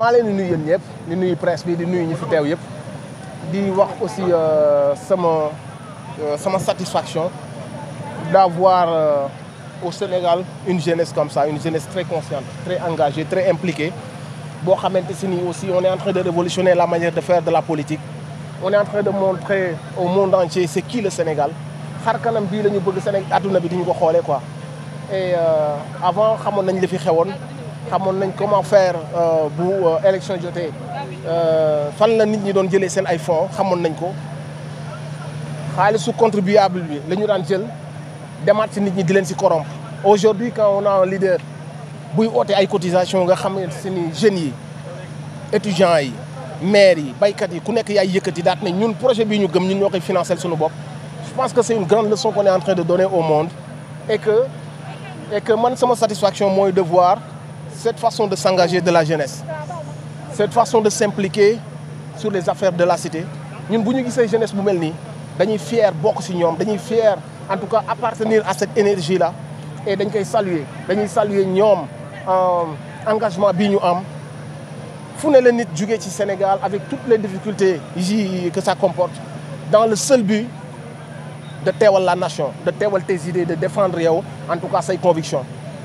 maa leen di nuyu yéen ñëpp presse bi di nuyu ñi fi di wax aussi euh, sama euh, sama satisfaction d'avoir euh, au Sénégal une jeunesse comme ça une jeunesse très consciente très engagée très impliquée boo xamante si nii aussi on est en train de révolutionner la manière de faire de la politique on est en train de montrer au monde entier c'est qui le Sénégal xar kanam le niveau ñu bëgg Sénégal adduna bi di ñu ko quoi et avant xamoon nañ li fi xewoon comment faire euh, bu euh, élection jotee euh, fan la nit ñi doon jëlee seen ay fonds xamoon nañ ko xaalisu contribuable bi la ñu daan jël demaat si nit ñi di leen si aujourd'hui quand on a un leader buy oote ay cotisation nga xam ne seeni jeunes yi étudiants yi maires yi baykat yi ku nekk yaay yëkkati daat ne ñun projet bii ñu gëm ñun ñoo koy suñu je pense que c'est une grande leçon qu'on est en train de donner au monde et que et que man sama satisfaction moi, de voir cette façon de s'engager de la jeunesse cette façon de s'impliquer sur les affaires de la cité Nous, avons ñu jeunesse bu dañuy en tout cas appartenir à cette énergie là et nous saluer dañuy saluer ñoom euh, engagement bi ñu Sénégal avec toutes les difficultés que ça comporte dans le seul but de défendre la nation de tes idées de défendre en tout cas ses convictions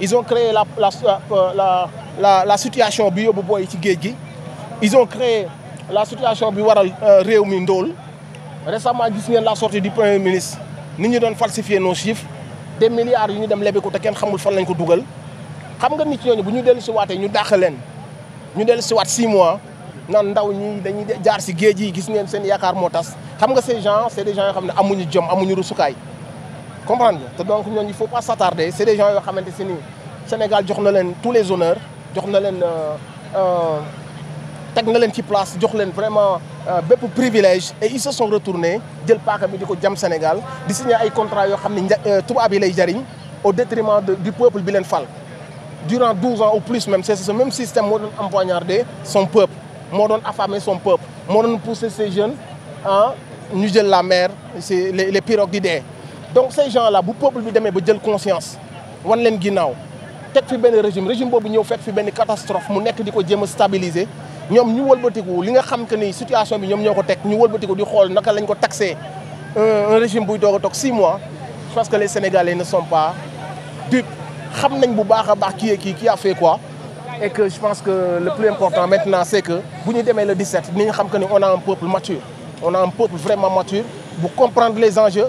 ils ont créé la, la, la, situation bio de booy ci ils ont créé la situation bi waral euh, récemment la sortie du premier ministre Ils ont falsifié nos chiffres des milliards yu ñu dem lebi te kenn xamul lañ ko xam nga bu nous sommes ñu leen ñu six mois nan ndaw ñi jaar des gens comprendre donc il ne faut pas s'attarder c'est des gens qui ont décidé. Le Sénégal a tous les honneurs jox Sénégal. Euh, euh, ils place vraiment euh, et ils se sont retournés dès le parc du côté jam Sénégal Ils ont ay contrats qui au détriment du peuple bi durant 12 ans ou plus même c'est ce même système qui a empoignardé son peuple qui a affamé son peuple Qui a poussé ces jeunes à hein, ñu la mer les pirogues d'idées donc ces gens-là le peuple bi demee ba conscience wan leen ginnaaw teg fi benn régime régime boobu ñëw fekk fi benn catastrophe mu nekk di ko a stabiliser ñoom ñu wëlbatiku li nga xam que ni situation bi ont ñoo ko teg ñu di euh, un régime qui doog a 6 mois je pense que les Sénégalais ne sont pas dupes Ils nañ bu baax qui a fait quoi et que je pense que le plus important maintenant c'est que si on le 17 ni que on a un peuple mature on a un peuple vraiment mature pour comprendre les enjeux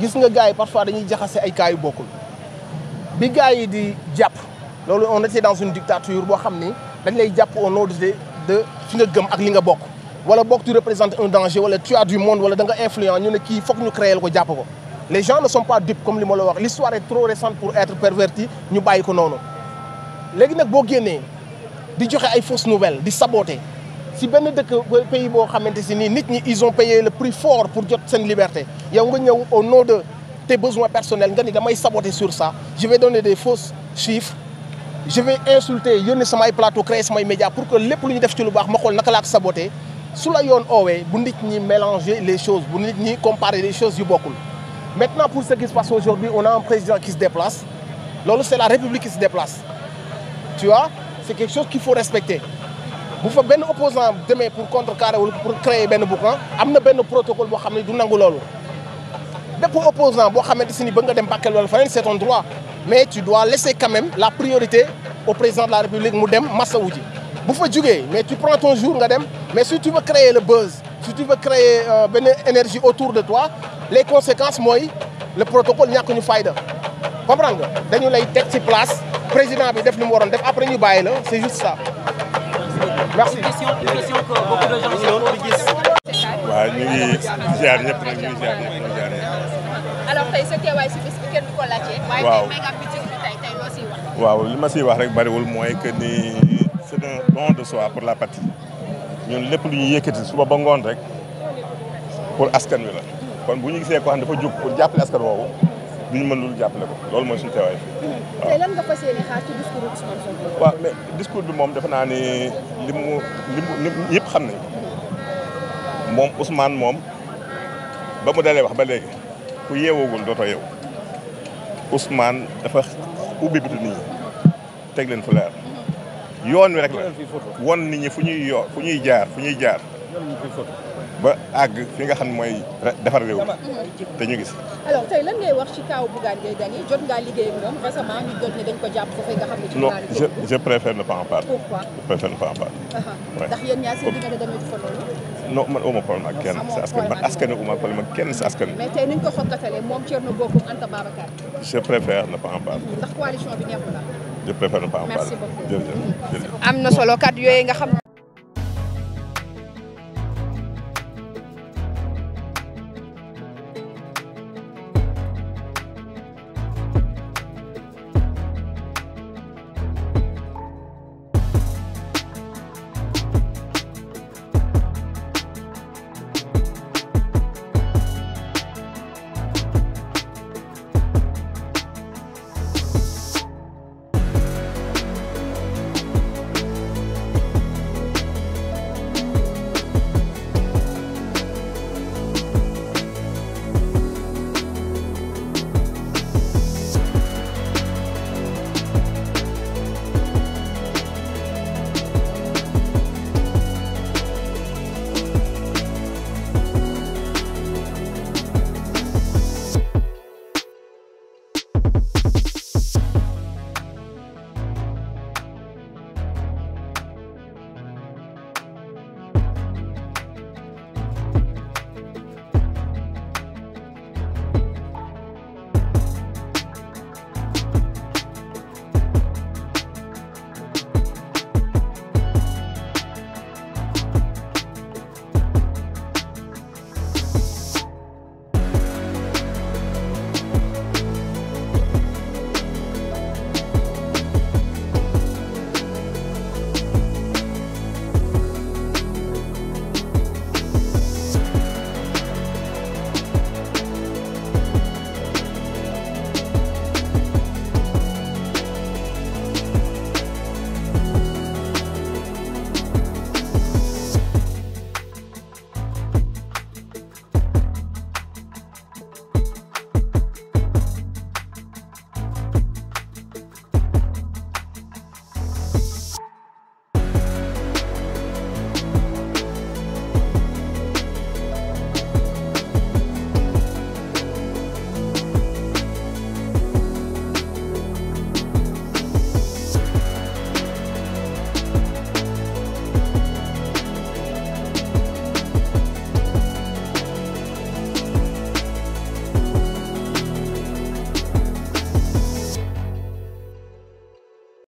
gis nga gars yi parfois dañuy jaxase ay cas yu bokkul bi gars yi di japp loolu on était dans une dictature bo xamni dañ lay japp au nom de de fi nga gëm ak li nga bok wala bok tu représentes un danger wala tu as du monde wala da nga influent ñu ne ki fokk ñu créer ko japp ko les gens ne sont pas dupes comme li mo la wax l'histoire est trop récente pour être pervertie ñu bayiko ko légui nak bo boo di joxé ay fausses nouvelles di saboter si ben dëkk pays qui xamanteni ils ont payé le prix fort pour jot sen liberté yow nga au nom de tes besoins personnels nga ni saboter sur ça je vais donner des fausses chiffres je vais insulter les plateaux, plateau créer samay média pour que les lu ñu def ci lu bax ma xol naka saboter la owe bu mélanger les choses bu nit ñi comparer les choses maintenant pour ce qui se passe aujourd'hui on a un président qui se déplace c'est la république qui se déplace tu vois c'est quelque chose qu'il faut respecter bu fa un opposant demain pour contrecarrer ou pour créer un boucan ah, am na un protocole qui xam ne du Mais pour bépp opposant boo xamante si ni ba nga dem Bakel c'est ton droit mais tu dois laisser quand même la priorité au président de la République Moudem dem Vous faites bu mais tu prends ton jour nga dem mais si tu veux créer le buzz si tu veux créer une euh, énergie autour de toi les conséquences moy. le protocole n'y ñu fayda comprendre nga dañu lay teg ci place président bi def li mu a def après ñu c'est juste ça merci waaw ñu ngi ziar ñëpp nag ñu ngi ziar ñëpp ñu ngi ziar ñëpp. alors tey sa teewaay si wax. waaw li ma siy wax rek bariwul mooy que ni c'est un don de soi pour la pati ñun lépp lu ñuy yëkkati suba ba ngoon rek pour askan wi la kon bu ñu gisee ko xam dafa jug pour jàppale askan woowu. du ñu mën loolu jàppale ko loolu mooy suñu teewaay fii. tey bi waaw mais discours bi moom defe naa ni li mu li xam nañu moom Ousmane moom ba mu dalee wax ba léegi ku yeewoogul dootoo yeewu Ousmane dafa ubbi bitu nit leen fu leer yoon wi rek la won nit ñi fu ñuy fu ñuy jaar fu ñuy jaar. ba àgg fi nga xam ne mooy defar réew mi te ñu gis. alors tey lan ngay wax ci kaw Bougane Gueye Dany jot ngaa liggéey ak ñoom récemment jot ne dañ ko jàpp foofu nga xam ne. ci non je je préfère ne pas je préfère ne pas en kenn si askan man pas ndax coalition bi nekkul am na solo yooyu nga xam.